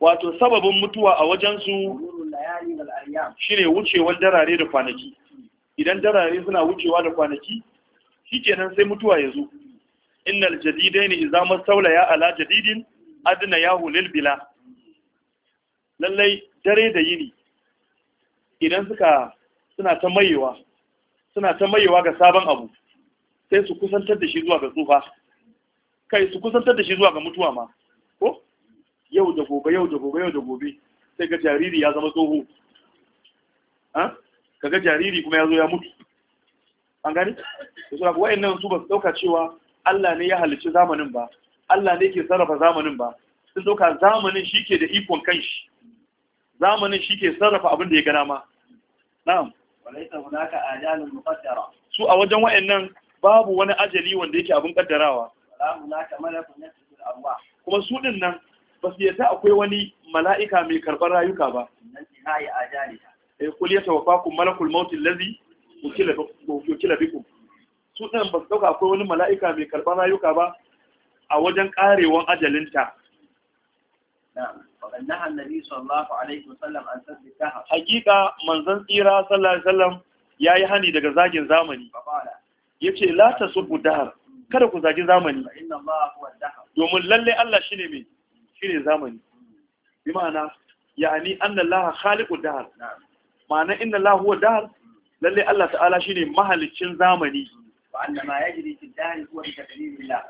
wato sababin mutuwa a wajensu shine wucewar darare da kwanaki idan darare suna wucewa da kwanaki shi kenan sai mutuwa ya zo innal ne idza ya ala jadidin adna yahu lil bila lallai dare da yini idan suka suna ta mayewa suna ta mayewa ga sabon abu sai su kusantar da shi zuwa ga tsufa kai su kusantar da shi zuwa ga mutuwa ma ko yau da gobe yau da gobe yau da gobe sai ga jariri ya zama tsoho kaga jariri kuma ya zo ya mutu an gani da suna kuwa innan su ba su ɗauka cewa Allah ne ya halicci zamanin ba Allah ne ke sarrafa zamanin ba sun ɗauka zamanin shi ke da ikon kanshi zamanin shi ke sarrafa abin da ya gana ma na'am walaita hunaka ajalun muqaddara su a wajen nan babu wani ajali wanda yake abin kaddarawa wala hunaka malakun yasbiru arwah kuma su din nan ba su yadda akwai wani mala'ika mai karɓar rayuka ba eh kul ya tawaffakum malakul maut allazi ukila bikum su din ba su dauka akwai wani mala'ika mai karɓar rayuka ba a wajen karewan ajalinta Hakika Manzan tsira sallallahu alaihi wasallam ya yi hani daga zagin zamani. Ya ce, Lata ta subu dahar, kada ku zagi zamani. Domin lalle Allah shi ne mai, shi ne zamani. Bi ma'ana, ya'ani anna laha khaliqu dahar. Ma'ana inna laha huwa dahar, lalle Allah ta'ala shi ne mahalicin zamani.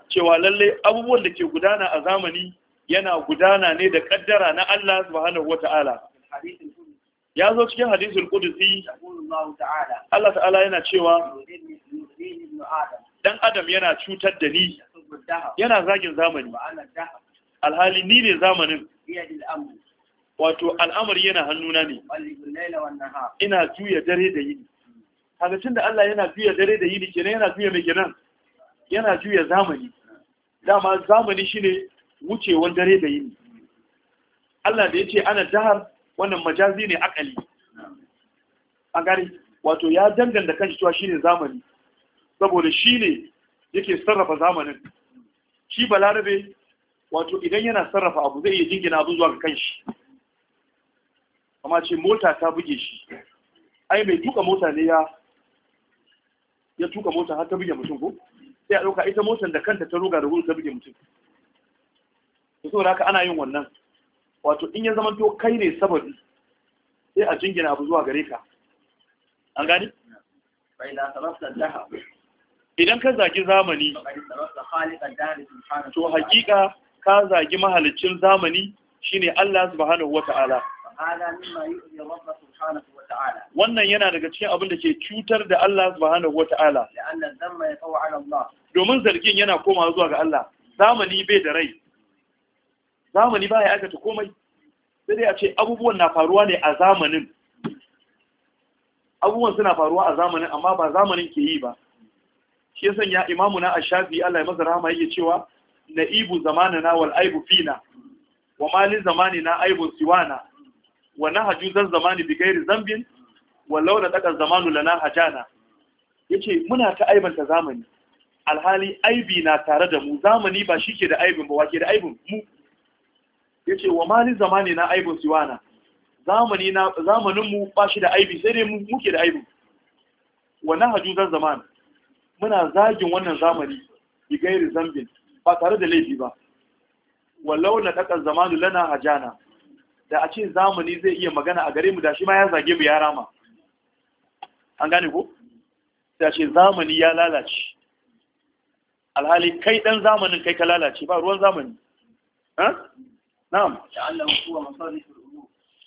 Cewa lalle abubuwan da ke gudana a zamani yana gudana ne da kaddara na Allah subhanahu wata'ala ya zo cikin hadisul qudsi Allah ta'ala yana cewa dan adam yana cutar da ni yana zagin zamani alhali ni ne zamanin wato al'amari yana hannuna ne ina juya dare da yini kaga tunda Allah yana juya dare da yini kenan yana juya mai kenan yana juya zamani dama zamani shine wucewan dare da yini Allah da ya ce ana jahar wannan majazi ne akali A gani wato ya danganta kanshi cewa ne zamani saboda shi ne yake sarrafa zamanin shi balarabe wato idan yana sarrafa abu zai iya jingina abin zuwa ga kanshi amma ce mota ta buge shi ai mai tuka mota ne ya ya tuka mota har ta buge mutum ko sai a ɗauka ita motar da kanta ta ruga da wuri ta buge mutum to saboda haka ana yin wannan wato in ya zama to kai ne sababi sai a jingina abu zuwa gare ka an gani idan ka zagi zamani to hakika ka zagi mahalicin zamani shine Allah subhanahu wata'ala wannan yana daga cikin abin da ke cutar da Allah subhanahu wata'ala domin zargin yana komawa zuwa ga Allah zamani bai da rai zamani ba ya aikata komai sai dai a ce abubuwan na faruwa ne a zamanin abubuwan suna faruwa a zamanin amma ba zamanin ke yi ba shi ya sanya imamu na ashafi Allah ya mazara ma yake cewa na'ibu na wal aibu fina wa mali na aibun siwana wa Haju zan zamani bi gairi zambin wa da daga zamanu lana hajana yace muna ta aibanta zamani alhali aibi na tare da mu zamani ba shi ke da aibin ba wake da aibin mu yace wa mali zamani na aibun siwana zamani na zamanin mu ba shi da aibi sai dai muke da aibi wa haju zan zaman muna zagin wannan zamani bi gairi zambin ba tare da laifi ba wallau na takan zamanu lana hajana da a ce zamani zai iya magana a gare mu da shi ma ya zage mu ya rama an gane ko da ce zamani ya lalace alhali kai dan zamanin kai ka lalace ba ruwan zamani na'am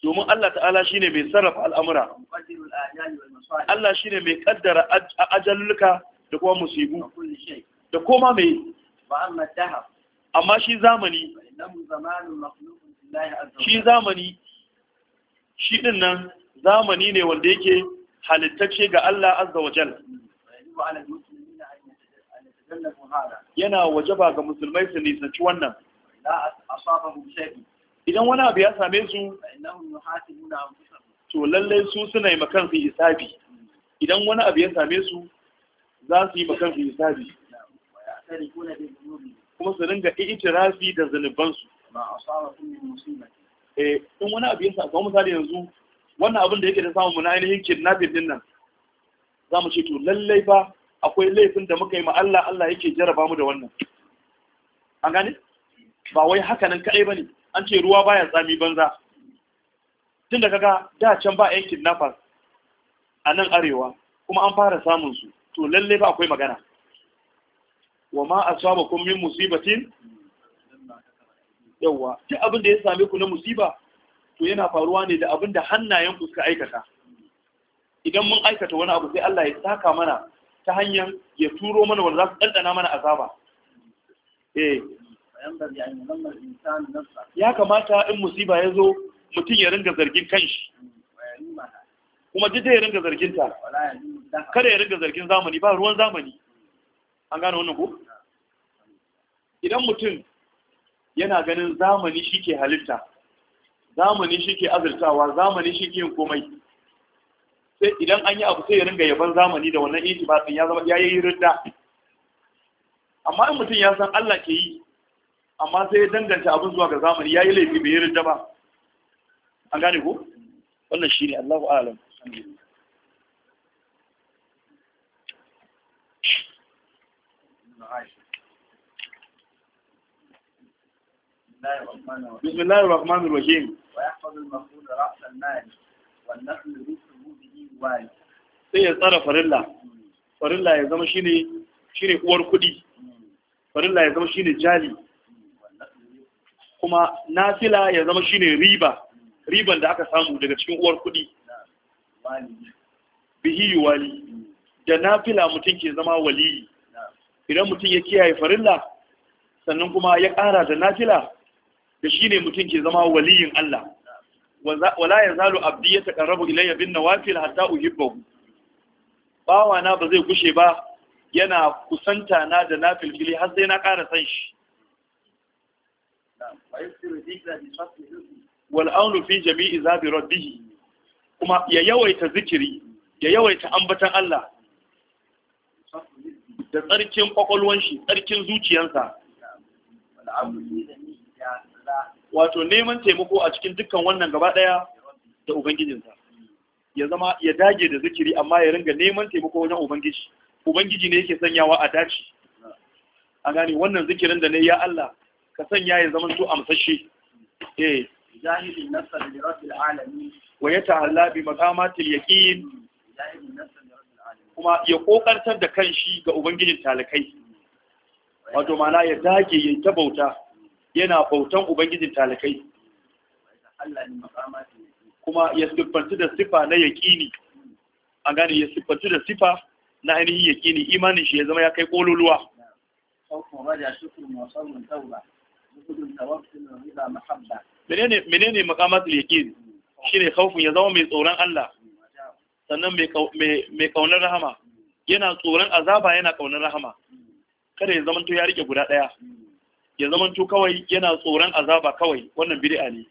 domin Allah ta'ala shine mai sarrafa al'amura Allah shi ne mai kaddara ajalluka da kuma musibu da koma mai amma shi zamani shi zamani shi din nan zamani ne wanda yake halittacce ga Allah azza wa jal yana wajaba ga musulmai su nisanci wannan la shay'un idan wani abu ya same su to lalle su suna yi makan su hisabi idan wani abu ya same su za su yi makan su hisabi kuma su ringa itirafi da su. eh in wani abu ya same su misali yanzu wannan abin da yake da samu na ainihin kidnapping din nan za mu ce to lallai fa akwai laifin da muka yi ma Allah Allah yake jarraba mu da wannan an gane ba wai hakanan kaɗai ba ne an ce ruwa baya tsami banza tun da kaga da can ba yan kidnappers a nan arewa kuma an fara samun su to lalle ba akwai magana wa ma asaba kun min musibatin yawa duk abin da ya same ku na musiba to yana faruwa ne da abin da hannayen ku suka aikata idan mun aikata wani abu sai Allah ya saka mana ta hanyar ya turo mana wanda za su ɗanɗana mana azaba eh ya kamata in musiba ya zo mutum ya ringa zargin kanshi kuma duk ya ringa zargin ta kada ya ringa zargin zamani ba ruwan zamani an gane wannan ko idan mutum yana ganin zamani shi ke halitta zamani shi ke azurtawa zamani shi ke yin komai sai idan an yi abu sai ya ringa yaban zamani da wannan ba ya zama yayi ridda amma in mutum ya san Allah ke yi amma sai ya danganta abin zuwa ga zamani ya yi laifi bai yi rinda ba an gane ko wannan shi ne allahu alam بسم الله الرحمن الرحيم ويحفظ المفعول رأس المال والنقل رسله به والد sai ya tsara farilla farilla ya zama shine shine uwar kuɗi farilla ya zama shine jali kuma nafila ya zama shine riba riban da aka samu daga cikin uwar kuɗi bihi wali da nafila mutum ke zama wali idan mutum ya kiyaye farilla sannan kuma ya ƙara da nafila da shi ne mutum ke zama waliyin Allah wala ya yazalu abdi ya taqarrabu ilayya bin nawafil hatta uhibbahu bawana ba zai gushe ba yana kusanta na da nafil gili har sai na ƙara san shi wal'aunu fi jami'i zabi rabbihi kuma ya yawaita zikiri ya yawaita ambatan Allah da tsarkin kwakwalwan shi tsarkin zuciyansa wato neman taimako a cikin dukkan wannan gaba ɗaya da ubangijinsa ya zama ya dage da zikiri amma ya ringa neman taimako wajen ubangiji ubangiji ne yake sanyawa a dace a gane wannan zikirin da ne ya Allah ka sanya ya zama to amsashe eh jahilin nafsa da rabbil alamin wa yata'alla bi maqamatil yaqin jahilin nafsa li rabbil alamin kuma ya kokartar da kanshi ga ubangijin talakai wato mana ya dage ya ta bauta yana bautan ubangijin talakai kuma ya siffanci da sifa na yaƙini an gane ya siffanci da sifa na ainihin yaƙini imanin shi ya zama ya kai ƙololuwa menene menene maqamatul Shi shine khaufin ya zama mai tsoron Allah sannan mai kaunar rahama yana tsoron azaba yana kaunar rahama kada ya to ya rike guda daya ya to kawai yana tsoron azaba kawai wannan bid'a ne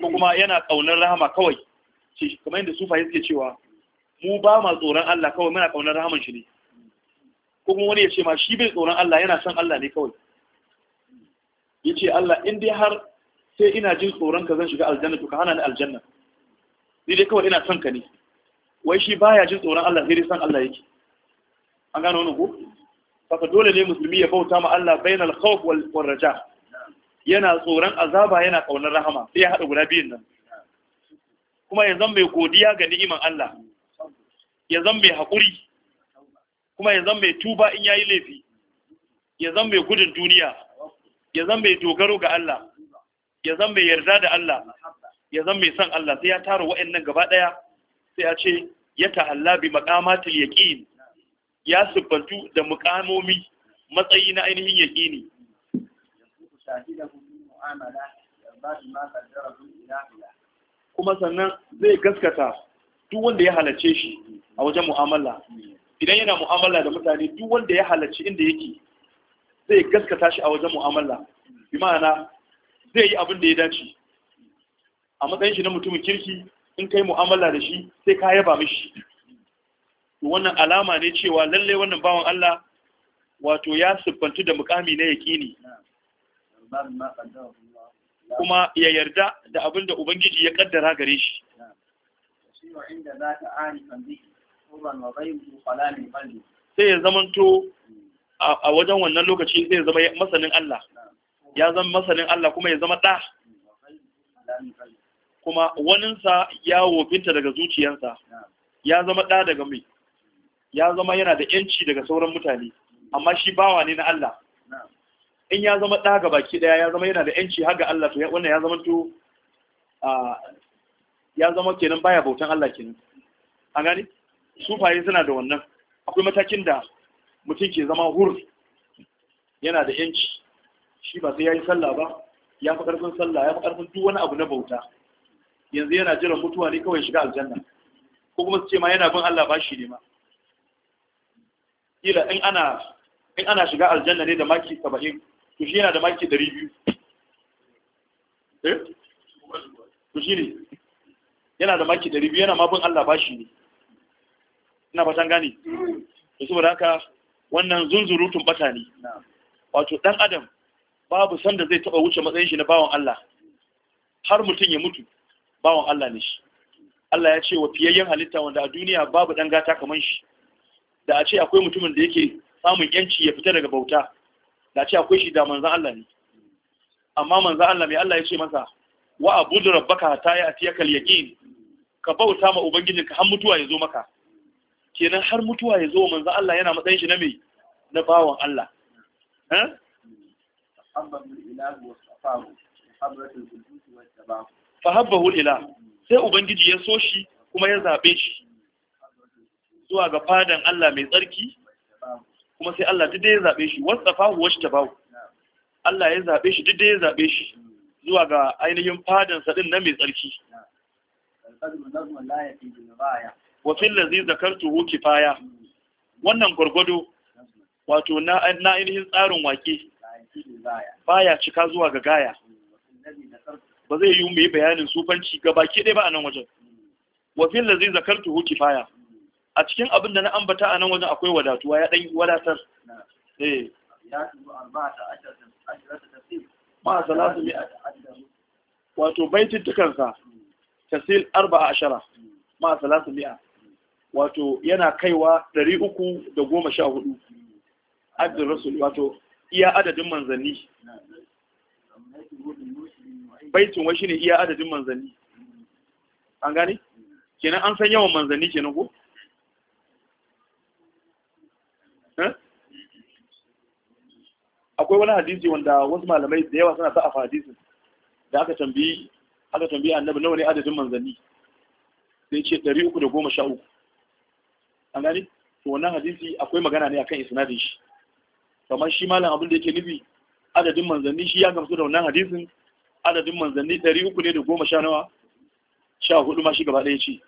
ko kuma yana kaunar rahama kawai shi kamar yadda sufa yake cewa mu ba ma tsoron Allah kawai muna kaunar rahaman shi ne ko kuma wani ya ce ma shi bai tsoron Allah yana son Allah ne kawai ya ce Allah in dai har sai ina jin tsoron ka zan shiga aljanna to ka hana ni aljanna ni dai kawai ina son ka ne wai shi baya jin tsoron Allah sai dai san Allah yake an gano wannan ko saka dole ne musulmi ya bauta ma Allah bainal khawf wal raja yana tsoron azaba yana kaunar rahama sai ya hada guda biyun nan kuma ya zan mai godiya ga ni'iman Allah ya zan mai haƙuri kuma ya zan mai tuba in yayi laifi ya zan mai gudun duniya ya zan mai dogaro ga Allah ya zan mai yarda da Allah ya zan mai son Allah sai ya tara wa'annan gaba daya sai ya ce ya tahalla bi maqamatil yaqin ya siffantu da muqamomi matsayi na ainihin yaqini kuma sannan zai gaskata duk wanda ya halarce shi a wajen mu'amala idan yana mu'amala da mutane duk wanda ya halarci inda yake zai gaskata shi a wajen mu'amala bi ma'ana zai yi abin da ya dace a matsayin shi na mutumin kirki in kai mu'amala da shi sai ka yaba mishi wannan alama ne cewa lalle wannan bawan Allah wato ya siffantu da mukami na yaqini kuma ya yarda da abin da ubangiji ya kaddara gare shi sai ya zamanto a wajen wannan lokaci zai zama masanin Allah ya zama masanin Allah kuma ya zama ɗa kuma waninsa ya wofinta daga zuciyarsa, ya zama ɗa daga mai ya zama yana da yanci daga sauran mutane amma shi bawa ne na Allah in ya zama ɗa ga baki ɗaya ya zama yana da yanci har ga Allah to wannan ya zama to ya zama kenan baya bautan Allah kenan an gani, sufaye suna da wannan akwai matakin da mutum ke zama hur yana da yanci shi ba sai ya yi sallah ba ya fi ƙarfin sallah ya fi ƙarfin duk wani abu na bauta yanzu yana jiran mutuwa ne kawai shiga aljanna ko kuma su ce ma yana bin Allah bashi ne ma kila in ana in ana shiga aljanna ne da maki 70 to shi yana da maki 200 biyu. Eh? to shi ne yana da maki 200 yana ma bin Allah bashi ne ina fatan gane to saboda haka wannan zunzurutun bata ne wato ɗan adam babu sanda zai taba wuce matsayin shi na bawan Allah har mutum ya mutu bawan Allah ne shi Allah ya ce wa fiyayyen halitta wanda a duniya babu dan gata kaman shi da a ce akwai mutumin da yake samun yanci ya fita daga bauta da a ce akwai shi da manzan Allah ne amma manzan Allah mai Allah ya ce masa wa abudu rabbaka yi a al-yaqin ka bauta ma ubangijinka har mutuwa ya zo maka kenan har mutuwa ya zo manzo Allah yana matsayin shi na mai na bawan Allah fa habbahu ila sai ubangiji ya so shi kuma ya zabe shi zuwa ga fadan Allah mai tsarki kuma sai Allah duk da ya zabe shi wasafahu washtabahu Allah ya zabe shi duk da ya zabe shi zuwa ga ainihin fadan sa din na mai tsarki wa fil ladhi zakartuhu kifaya wannan gurgudu wato na ainihin tsarin wake baya cika zuwa ga gaya ba zai yi mai bayanin sufanci ga baki ɗaya ba a nan wajen wa fil ladhi zakartuhu kifaya a cikin abin da na ambata a nan wajen akwai wadatuwa ya dan wadatar eh ma salatu mi wato baitin tukansa tasil 14 ma salatu mi'a wato yana kaiwa hudu abdul rasul wato iya adadin manzanni baitin wa shine iya adadin manzanni an gane kenan an san yawan manzanni kenan ko eh? akwai wani hadisi wanda wasu malamai da yawa suna sa'afa hadisin da aka tambayi aka tambayi annabi nawa ne adadin manzanni sai ce 313 an gani to wannan hadisi akwai magana ne akan isnadin shi kamar shi malam abin da yake nufi adadin manzanni shi ya gamsu da wannan hadisin adadin manzanni ɗari uku ne da goma sha nawa sha hudu ma shi gaba ɗaya ce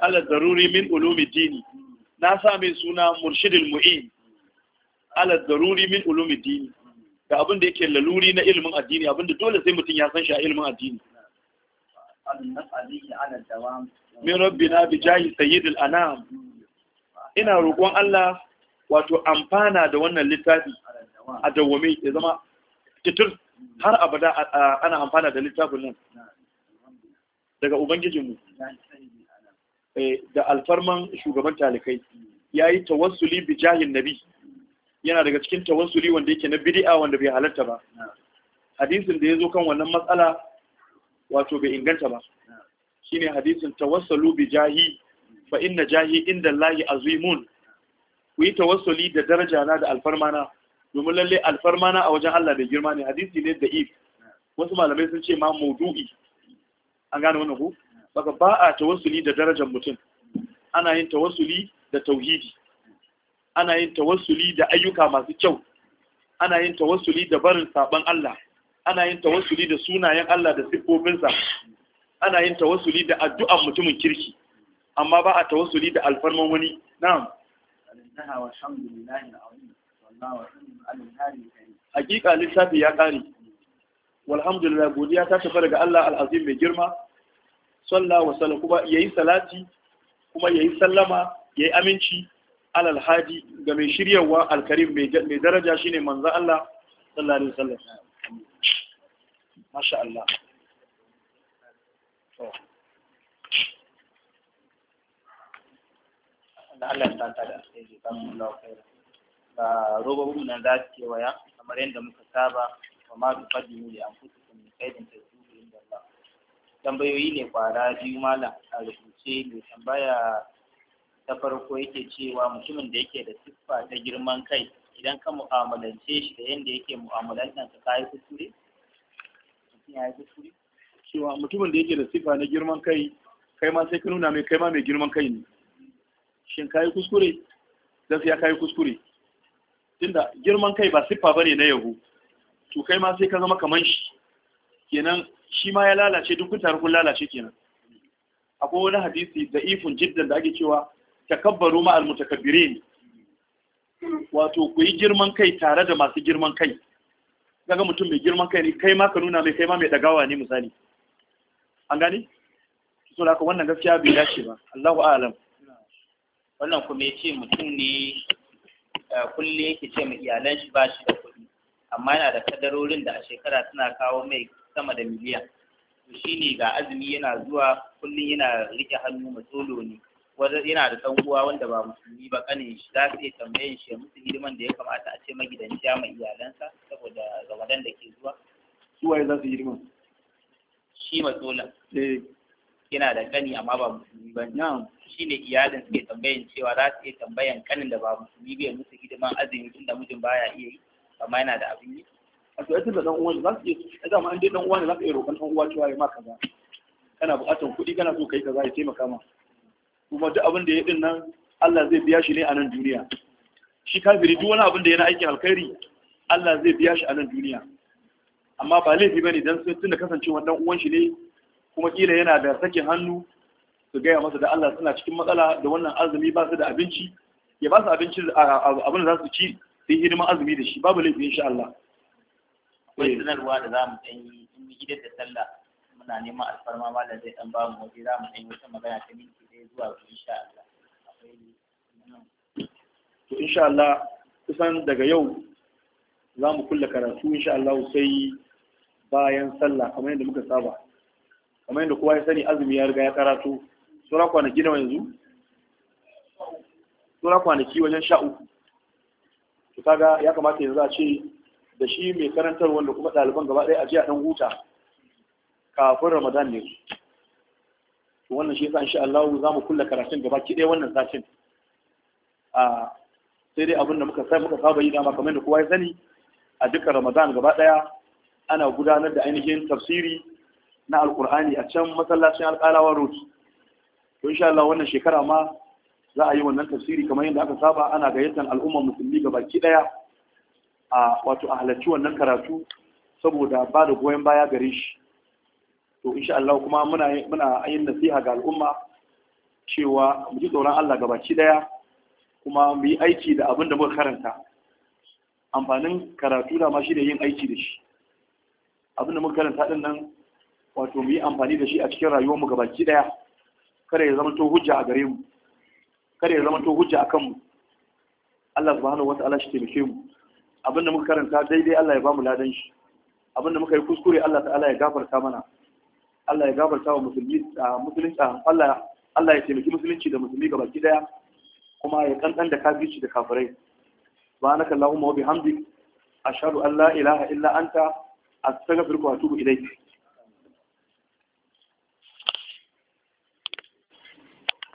ala daruri min ulumi dini na sa mai suna murshidil mu'in ala daruri min ulumi dini da abin da yake laluri na ilimin addini abin da dole sai mutum ya san shi a ilimin addini min rabbina bi jahi sayyidil anam ina roƙon Allah wato amfana da wannan littafi a dawwame ya zama titir har abada ana amfana da littafin nan daga ubangijinmu eh, da alfarman shugaban talikai ya yi tawassuli bi jahin nabi yana daga cikin tawassuli wanda yake na bid'a wanda bai halatta ba hadisin da ya zo kan wannan matsala wato bai inganta ba shine hadisin tawassalu bi jahi fa inna jahi inda Allahi azimun ku yi tawassuli da daraja na da alfarmana domin lalle alfarmana a wajen Allah bai girma ne hadisi ne da if wasu malamai sun ce ma maudu'i an gane wannan ku baka ba a tawassuli da darajar mutum ana yin tawassuli da tauhidi ana yin tawassuli da ayyuka masu kyau ana yin tawassuli da barin saban Allah ana yin tawassuli da sunayen Allah da siffofinsa ana yin tawassuli da addu'an mutumin kirki amma ba a tawassuli da alfarman wani na'am hakika lissafi ya kare walhamdulillah godiya ta tafi daga Allah al'azim mai girma sallah wa sallam kuma yayi salati kuma yayi sallama yayi aminci alal hadi ga mai shiryawa alkarim mai daraja shine manzo Allah sallallahu alaihi wasallam masha Allah da Allah ta ta da alheri ba mu Allah Ba roba robobin nan za su kewaya kamar yadda muka saba ba ma su bi fadimu li anfusikum min kaidin tazubu inda Allah tambayoyi ne kwara biyu mala a rubuce mai tambaya ta farko yake cewa mutumin da yake da siffa ta girman kai idan ka mu'amalance shi da yadda yake mu'amalantar ka kayi kuskure mutum ya yi kuskure cewa mutumin da yake da sifa na girman kai kai ma sai ka nuna mai kai ma mai girman kai ne shin ka yi kuskure sai ka yi kuskure tunda girman kai ba siffa bane na yahu. to kai ma sai ka zama kaman shi kenan shi ma ya lalace duk kun lalace kenan akwai wani hadisi da ifin jiddan da ake cewa takabbaru ma almutakabbirin wato ku yi girman kai tare da masu girman kai kaga mutum mai girman kai ne kai ma ka nuna mai kai ma mai dagawa ne misali an gani so da wannan gaskiya bai dace ba Allahu a'lam wannan kuma yace mutum ne eh, kulle yake ce mai iyalan shi ba shi da kuɗi amma yana da kadarorin da a shekara suna kawo mai sama da miliyan shi ne ga azumi yana zuwa kullum yana rike hannu matsolo ne wanda yana da ɗan uwa wanda ba musulmi ba kanin shi za su iya tambayin shi ya musu hidiman da ya kamata a ce magidanciya mai iyalansa saboda ramadan da ke zuwa su waye za su hidiman shi matsola eh. yana da kani amma ba musulmi ba ne shi ne iyalin suke tambayin cewa za su iya tambayan kanin da ba musulmi ba ya musu hidiman azumi tunda mijin baya iya yi amma yana da abin yi a to yadda dan uwan za su iya ma an dai dan ne za ka iya roƙon dan uwa cewa ya ma kaza kana buƙatar kuɗi kana so kai kaza ya taimaka ma kuma duk abin da ya din nan Allah zai biya shi ne a nan duniya shi kafiri duk wani abin da yana aikin alkhairi Allah zai biya shi a nan duniya amma ba laifi bane dan sun tunda kasance wannan uwan shi ne kuma kila yana da sakin hannu su gaya masa da Allah suna cikin matsala da wannan azumi ba su da abinci ya ba su abinci abin da za su ci su yi hidima azumi da shi babu laifi insha Allah akwai sanarwa da za mu ɗan yi in mu gidan da sallah muna neman alfarma malam zai ɗan ba mu waje za mu ɗan yi wata magana ta minti zuwa insha Allah to insha Allah kusan daga yau za mu kulle karatu insha Allah sai bayan sallah kamar yadda muka saba kamar yadda kowa ya sani azumi ya riga ya karatu sura kwanaki nawa yanzu sura kwanaki wajen sha uku to kaga ya kamata yanzu a ce da shi mai karantar wanda kuma ɗaliban gaba ɗaya a jiya ɗan huta kafin ramadan ne to wannan shi yasa insha Allah za mu kulla karatun gaba ki wannan satin a sai dai abin da muka sai muka saba yi dama kamar da kowa ya sani a dukkan Ramadan gaba ɗaya ana gudanar da ainihin tafsiri na Alƙur'ani a can masallacin Alƙalawa Road to insha Allah wannan shekara ma za a yi wannan tafsiri kamar yadda aka saba ana gayyatar al'ummar musulmi gaba baki daya a wato a halarci wannan karatu saboda ba da goyon baya gare shi to insha Allah kuma muna muna yin nasiha ga al'umma cewa mu ji tsoron Allah gabaci daya kuma mu yi aiki da abin da muka karanta amfanin karatu da ma shi da yin aiki da shi abin da muka karanta din nan wato mu yi amfani da shi a cikin rayuwar mu gabaki daya kada ya zama to hujja a gare mu kada ya zama to hujja a mu, Allah subhanahu wataala shi taimake mu abin da muka karanta daidai Allah ya ba mu ladan shi abin da muka yi kuskure Allah ta'ala ya gafarta mana Allah ya gabata wa musulmi a musulunci Allah Allah ya taimaki musulunci da musulmi ga baki daya kuma ya kankan da kafirci da kafirai subhanaka allahumma wa bihamdik ashhadu an la ilaha illa anta astaghfiruka wa atubu ilayk